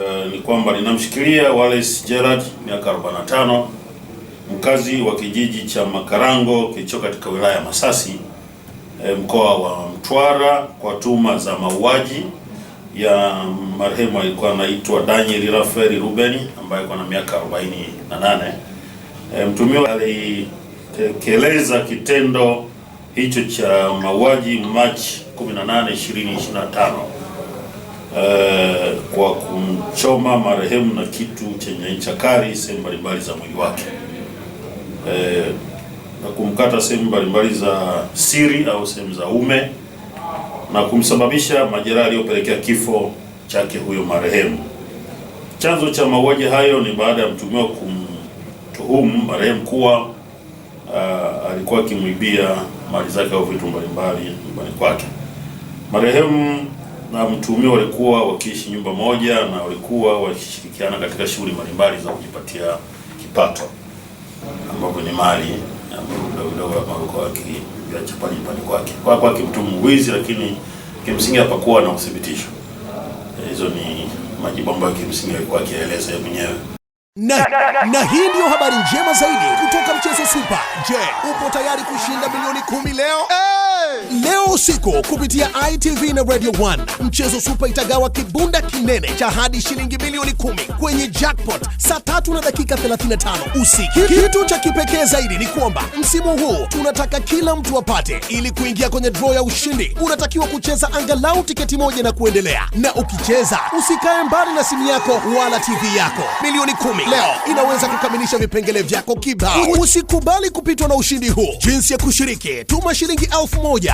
Uh, ni kwamba ninamshikilia Wallace Gerard miaka 45 mkazi wa kijiji cha Makarango kilicho katika wilaya ya Masasi eh, mkoa wa Mtwara kwa tuhuma za mauaji ya marehemu alikuwa anaitwa Daniel Rafael Ruben ambaye alikuwa na miaka 48. E, eh, mtumiwa alitekeleza kitendo hicho cha mauaji Machi 18, 2025 kwa kumchoma marehemu na kitu chenye ncha kali sehemu mbalimbali za mwili wake uh, na kumkata sehemu mbalimbali za siri au sehemu za ume na kumsababisha majeraha aliyopelekea kifo chake huyo marehemu. Chanzo cha mauaji hayo ni baada ya mtumiwa kumtuhumu marehemu kuwa uh, alikuwa akimwibia mali zake au vitu mbalimbali nyumbani kwake marehemu na mtuhumiwa walikuwa wakiishi nyumba moja na walikuwa wakishirikiana katika shughuli mbalimbali za kujipatia kipato, ambapo ni mali nyumbani kwake kwa kwake mtu mwizi, lakini kimsingi hapakuwa na uthibitisho. Eh, hizo ni majibu ambayo kimsingi alikuwa akieleza yeye mwenyewe. Na, na hii ndiyo habari njema zaidi kutoka mchezo Super. Je, upo tayari kushinda milioni kumi leo? leo usiku kupitia ITV na Radio 1 mchezo supa itagawa kibunda kinene cha hadi shilingi milioni kumi kwenye jackpot saa tatu na dakika 35 usiku. Kitu cha kipekee zaidi ni kwamba msimu huu tunataka kila mtu apate. Ili kuingia kwenye dro ya ushindi, unatakiwa kucheza angalau tiketi moja na kuendelea, na ukicheza usikae mbali na simu yako wala TV yako. Milioni kumi leo inaweza kukamilisha vipengele vyako kibao. Usikubali kupitwa na ushindi huu. Jinsi ya kushiriki, tuma shilingi 1 moja